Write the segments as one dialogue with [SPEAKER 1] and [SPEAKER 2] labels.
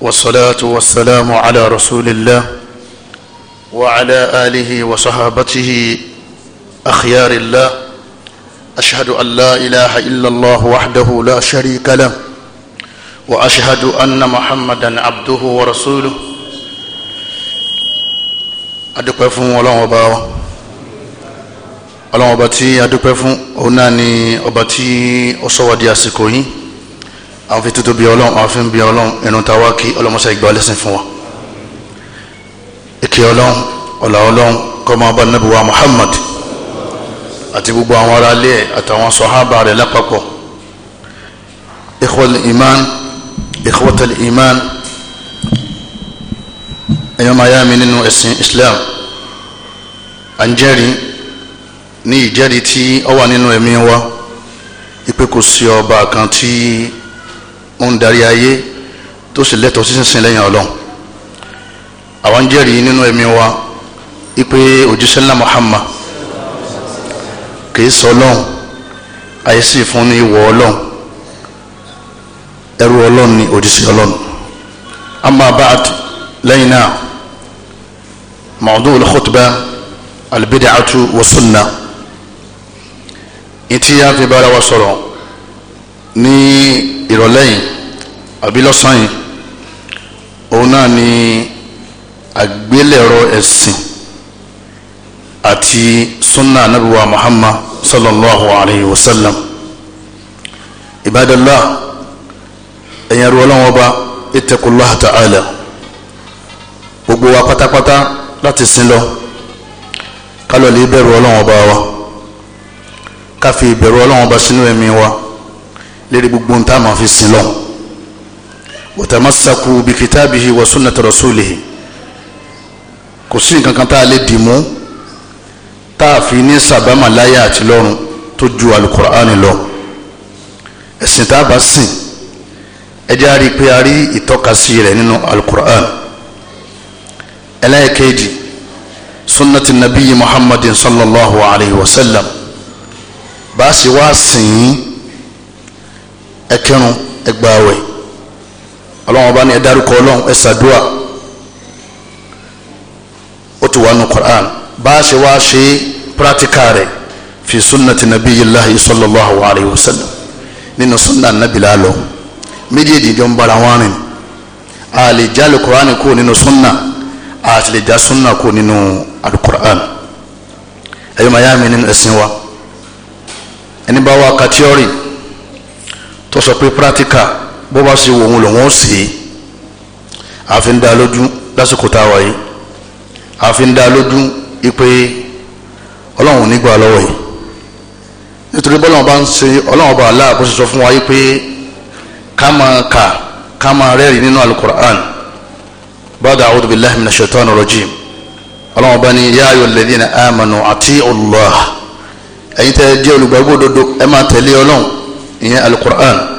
[SPEAKER 1] والصلاة والسلام على رسول الله وعلى آله وصحابته أخيار الله أشهد أن لا إله إلا الله وحده لا شريك له وأشهد أن محمدا عبده ورسوله adúpẹ́ fún ọlọ́run ọba wa ọlọ́run ọba tí adúpẹ́ fún òun náà ni ọba tí ó sọ di àsìkò yìí àwọn fi tuntun bí ọlọ́run àwọn fi ń bí ọlọ́run ẹnu ta wá kí ọlọ́mọṣẹ́ ìgbà lẹ́sìn fún wa ìkẹ́ ọlọ́run ọ̀là ọlọ́run kọ́ máa nàbí wa Muhammad àti gbogbo àwọn ará ilé ẹ̀ àtàwọn sọ̀hábà rẹ̀ lápapọ̀ ikhwal iman ikhwatal iman ẹ̀yọ́ máa yá mi nínú ẹ̀sìn Islam à ń jẹ́rìí ní ìjẹ́rìí tí ó wà nínú ẹ̀mí wa ìpè sí ọba kan tí ó ń darí ayé tó sì lẹ́tọ̀ọ́ sí lẹ́yìn ọlọ́run àwọn ń nínú ẹ̀mí wa ipe òjíṣẹ́ ńlá Muhammad kìí sọ ọlọ́run àìsí fún ní ìwọ ọlọ́run ẹrú ọlọ́run ni òjíṣẹ́ ọlọ́run amma ba'd lẹ́yìn náà mawdu'ul khutba albid'atu wa sunna ìtìyà fi bára wa sọ̀rọ̀ ní ìrọ̀lẹ́yìn àbí lọ́sàn yìí òun náà ni àgbélẹ̀rọ ẹ̀sìn àti sunna anabiwa muhammad sallallahu alayhi wa sallam ibadallah ẹ̀yin arúgbó ọlọ́wọ́n ọba ittaqullah ta'ala gbogbo wa pátápátá láti sin lọ kálọ̀ lè bẹ̀rù ọlọ́wọ́n ọba wa káfí ìbẹ̀rù ọlọ́wọ́n ọba sínú ẹ̀mí wa lérí gbogbo ohun tá a máa fi sin lọ́wọ́ watamassaku bikitabihi wa sunnati rasulihi kò sí nǹkan kan tá a lè dì mú tá a fi ní sàbámà láyé àti lọ́run tó ju alukur'ani lọ ẹ̀sìn tá a bá sìn ẹ jẹ́ pé a rí ìtọ́kasí rẹ̀ nínú alukur'an ẹlẹ́ẹ̀kejì sunnati nabiyyi muhammadin sallallahu alayhi wa sallam bá a sì wá sìn yín ẹ ọlọ́run ọba ní ẹ dárúkọ ọlọ́run ẹ ṣàdúrà ó ti wà nù Qur'an bá a ṣe wá ṣe pírátíkà rẹ̀ fi sunnati nabiyillahi sallallahu alayhi wa sallam nínú sunna nabila lọ méjèèjì jọ ń bara wọn rìn a lè já alukur'an kó nínú sunna a ti lè já sunna kó nínú alukur'an ẹ̀yọ́ màá mi nínú ẹ̀sìn wa ẹni bá wa ka tíọ́rì tó sọ pé pírátíkà bó bá ṣe wò wọn lòun ó sè é àfi ń dá lójú lásìkò tá a wáyé àfi ń dá lójú ipe ọlọ́run nígbà lọ́wọ́ yìí nítorí bọ́lá wọn bá ń ṣe ọlọ́run bá aláà bó ṣe sọ fún wa yìí pé ká máa kà ká máa rẹ́rìí nínú alukur'an ba'da a'udhu billahi minash shaitani rajim ọlọ́run bá ní yá ayọ̀ alladhina amanu ati'u Allah ẹ̀yin tẹ́ jẹ́ olùgbàgbọ́ òdodo ẹ máa tẹ̀lé ọlọ́run ìyẹn alukur'an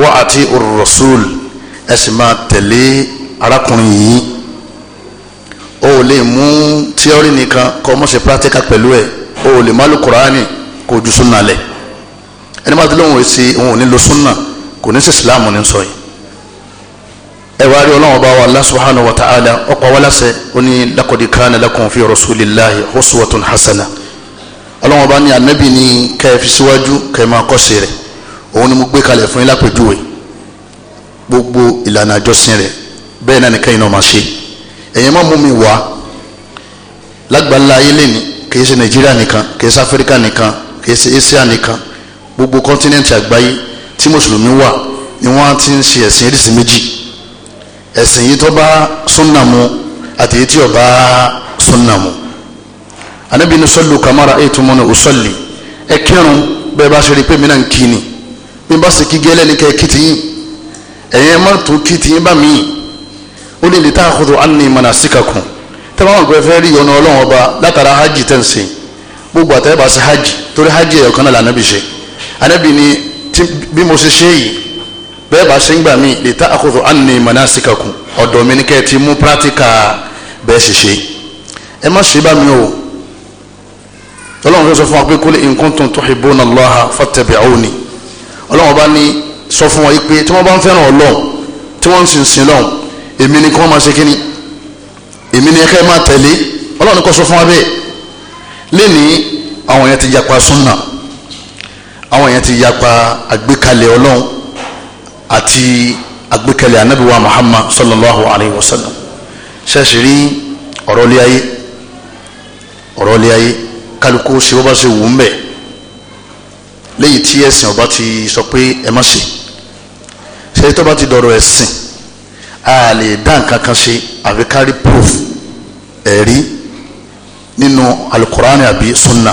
[SPEAKER 1] wa àti rasul ẹ sì máa tẹ̀lé arákùnrin yìí o ò lè mú tíọ́rì nìkan kọ́ mọ́ ṣe pírátíkà pẹ̀lú ẹ̀ o ò lè má lu kuraani kò ju sunna lẹ̀ ẹni bá ti lóun èsì òun ò ní lo sunna kò ní sí ìsìláàmù ní sọ yìí ẹ wá rí ọlọ́run bá wa Allah wa ta'ala ọ̀pọ̀ wa lásẹ̀ ó ní laqad kana lakum fi rasulillahi uswatun hasana ọlọ́run bá ní anabi ní kẹ́ fi síwájú kẹ́ máa kọ́ sí rẹ̀ òun ni mo gbé kalẹ̀ fún yín lápèjúwe gbogbo ìlànà àjọsìn rẹ̀ bẹ́ẹ̀ náà nìkan yìí náà máa ṣe ẹ̀yin má mú mi wá lágbàlá ayé lẹ́ni kì í ṣe nàìjíríà nìkan kì í ṣe áfíríkà nìkan kì í ṣe asia nìkan gbogbo kọ́ńtínẹ́ǹtì àgbáyé tí mùsùlùmí wà ni wọ́n ti ń ṣe ẹ̀sìn eréṣin méjì ẹ̀sìn yìí tó bá súnà mu àti èyí tí ò bá súnà mu Ànábì ní sọ́lù kamara ètò mọ́ni ò ẹ kírun bẹ́ẹ̀ bá ṣe rí pé mí kí ni bí n bá sì kí gẹ́lẹ́ ní kẹ́ kìtì yín ẹ̀yin ẹ̀ má tó kìtì yín mi ó ní lè tá a kótó àná ìmọ̀nà síkà kù tẹ́ bá wọn gbé fẹ́ rí ọ̀nà ọlọ́run ọba látara hajj tẹ̀ ń sìn gbogbo ba sí hajj torí hajj ẹ̀yọ̀ kan náà lànàbì ṣe ànàbì ni bí mo ṣe ṣe yìí bẹ́ẹ̀ bá ṣe ń gbà mí lè tá a kótó àná ìmọ̀nà síkà kù ọ̀dọ̀ mi ní kẹ́ ti mú pírátíkà bẹ́ẹ̀ ṣe ṣe ẹ má ṣe bá mi o ọlọ́run fẹ́ sọ fún wa pé kul in kuntum tuhibbuna Allaha fattabi'uni ọlọ́run bá ní sọ fún wọn pé tí wọ́n bá ń fẹ́ràn ọlọ́run tí wọ́n ń sin sin lọ́run èmi ni kí wọ́n máa ṣe kínní èmi ni ẹ̀ka ẹ̀ máa tẹ̀lé ọlọ́run kọ́ sọ fún wa bẹ́ẹ̀ lénìí àwọn yẹn ti yapa súnà àwọn yẹn ti yapa àgbékalẹ̀ ọlọ́run àti àgbékalẹ̀ anabiwa muhammad sallallahu alayhi wa sallam ṣẹ́ẹ̀ṣì rí ọ̀rọ̀ ilé ayé ọ̀rọ̀ ilé ayé kálukú ṣe bó bá ṣe wù ú mbẹ́ẹ̀ léyìí tí ẹ̀sìn ọba ti sọ pé ẹ má ṣe ṣe tó bá ti dọ̀rọ̀ ẹ̀sìn a lè dá nǹkan kan ṣe àfi proof ẹ̀rí nínú alukurani àbí sunna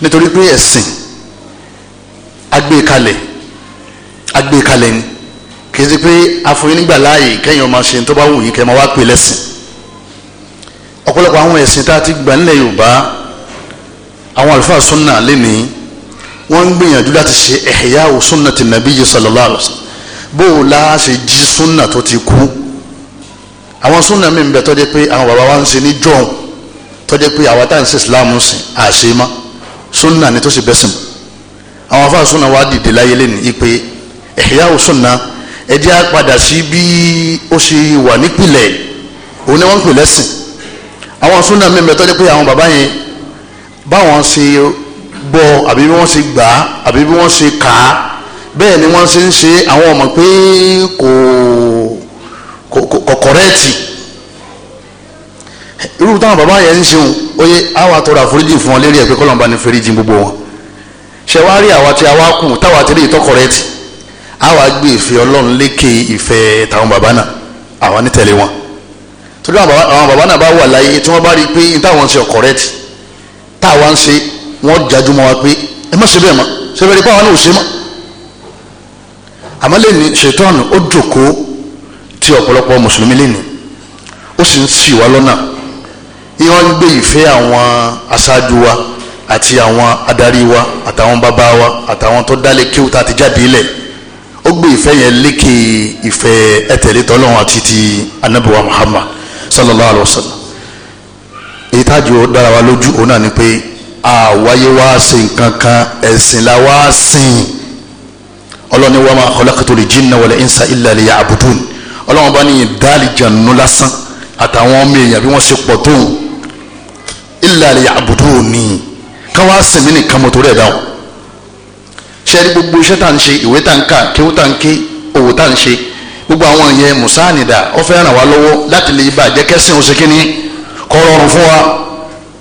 [SPEAKER 1] nítorí pé ẹ̀sìn agbékalẹ̀ agbékalẹ̀ ni kì í ṣe pé àfọyín nígbà láàyè kẹ́yìn ọmọ ṣe tó bá wù yín kẹ́ ẹ wá pè lẹ́sìn ọ̀pọ̀lọpọ̀ àwọn ẹ̀sìn tá a ti gbà nílẹ̀ yorùbá àwọn àlùfáà sunna lé nìyí wọ́n ń gbìyànjú láti ṣe ẹ̀yà òsúnà ti nàbí yìí sallallahu alaihi wasallam bó o la ṣe jí súnà tó ti kú àwọn súnà mi ń bẹ tọ́jú pé àwọn bàbá wa ń ṣe ní jọ́hún tọ́jú pé àwa táà ń ṣe islam ń sìn àṣe má súnà ni tó ṣe bẹ́sìn àwọn afáà súnà wa dìde láyé lẹ́nu ipe ẹ̀yà òsúnà ẹ jẹ́ á padà sí bí ó ṣe wà nípìnlẹ̀ òun wọ́n ń pè lẹ́sìn àwọn súnà mi ń bẹ tọ́jú pé àwọn bàbá yẹn báwọn ṣe gbọ́ àbí bí wọ́n ṣe gbà á àbí bí wọ́n ṣe kà á bẹ́ẹ̀ ni wọ́n ṣe ń ṣe àwọn ọmọ pé kò kò kọ̀rẹ́ẹ̀tì irú táwọn bàbá yẹn ń ṣeun oye àwa tọrọ àforíjì fún wọn lérí ẹ̀ pé kọ́lọ́mbà ní fèrèjì gbogbo wọn ṣe wá rí àwa tí a wá kù táwa ti rí ìtọ́kọ̀rẹ́ẹ̀tì àwa gbé ìfẹ́ ọlọ́run lékè ìfẹ́ táwọn bàbá náà àwa ní wọn torí àwọn bàbá náà bá wà láyé tí wọ́n bá rí pé táwọn ń ṣe ọ̀kọ̀rẹ́ẹ̀tì táwa ń ṣe wọ́n jájú mọ́ wa pé ẹ má ṣe bẹ́ẹ̀ mọ́ ṣe bẹ́ẹ̀ rí pé àwọn náà ò ṣe mọ́ àmọ́ lẹ́nu ṣètọ́nù ó dòkó tí ọ̀pọ̀lọpọ̀ mùsùlùmí lẹ́nu ó sì ń sì wá lọ́nà ìwọ́n ń gbé ìfẹ́ àwọn aṣáájú wa àti àwọn adarí wa àtàwọn bàbá wa àtàwọn tó dálé kíw tá a ti jáde ilẹ̀ ó gbé ìfẹ́ yẹn lékè ìfẹ́ ẹ̀tẹ̀lé tọ́lọ́run àti ti anabiwa Muhammad sallallahu alayhi wa sallam èyí tájú ó dára wa lójú òun náà ni pé àwáyé wá sí nǹkan kan ẹ̀sìn la wá sìn ọlọ́ni wa ma khalaqatul jinna wal insa illa liya'budun ọlọ́wọ́n bá ní ìdálìjànú lásán àtàwọn ọmọ èèyàn bí wọ́n ṣe pọ̀ tó illa liya'buduni ká wá sìn mí nìkan mọ́tò rẹ̀ dáhùn ṣe ní gbogbo iṣẹ́ tá à ń ṣe ìwé tá à ń kà kéwú tá à ń ké òwò tá à ń ṣe gbogbo àwọn ìyẹn musa nìdá ó fẹ́ wá lọ́wọ́ láti lè bàjẹ́ kẹ́sìn òṣèkínní kọ́ rọrùn fún wa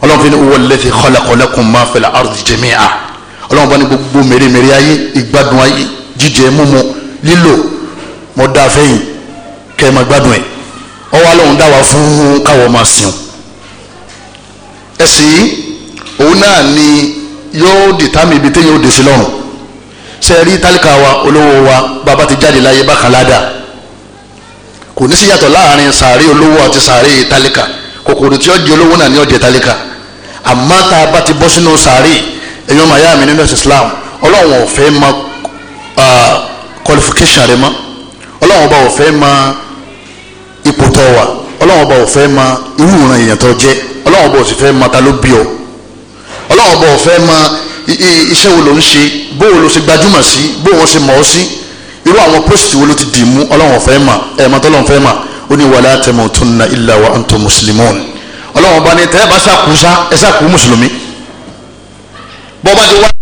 [SPEAKER 1] ọlọ́run fi ní owó lẹ́sẹ̀ kọ́lákọ́lákùn máa fẹlẹ̀ ardi jẹ̀míà ọlọ́run bá ní gbogbo mèremère ayé ìgbádùn ayé jíjẹ mímu lílo mọ dá a fẹ́yìn kẹ́ gbádùn ẹ̀ ọwọ́ alóhùn dá wa fún káwọ́ máa sìn ẹ̀sìn yìí òun náà ni yóò dìtámì ibi téèyàn ó dé sí lọ́rùn ṣe rí tálíkà wa olówó wa bàbá ti jáde láyé bákan ládàá kò ní sí yàtọ̀ láàrin sàárè olówó àti sàárè tálíkà kòkòrò tí ó jẹ olówó náà ni ó jẹ tálíkà àmọ́ tá a bá ti bọ́ sínú sàárè ẹ̀yọ́ màyá mi nínú Islam ọlọ́run ò fẹ́ qualification rẹ mọ́ ọlọ́run ọba ò fẹ́ mọ ipò tó wà ọlọ́run ọba ò fẹ́ mọ irú ìran èèyàn tó jẹ́ ọlọ́run ọba ò sì fẹ́ mọ ta ló bí ọ ọlọ́run ọba ò fẹ́ iṣẹ́ wo ló ń ṣe bó wo ló ṣe gbajúmọ̀ sí bó wọ́n ṣe mọ̀ ọ́ sí irú àwọn post wo ló ti dì mú ọlọ́run ò fẹ́ mọ fẹ́ mọ̀ ó ní wala tamutunna illa wa antum muslimun ọlọ́wọ́n bá ní tẹ́ bá sàkúsá ẹ mùsùlùmí bọ́ bá ti wá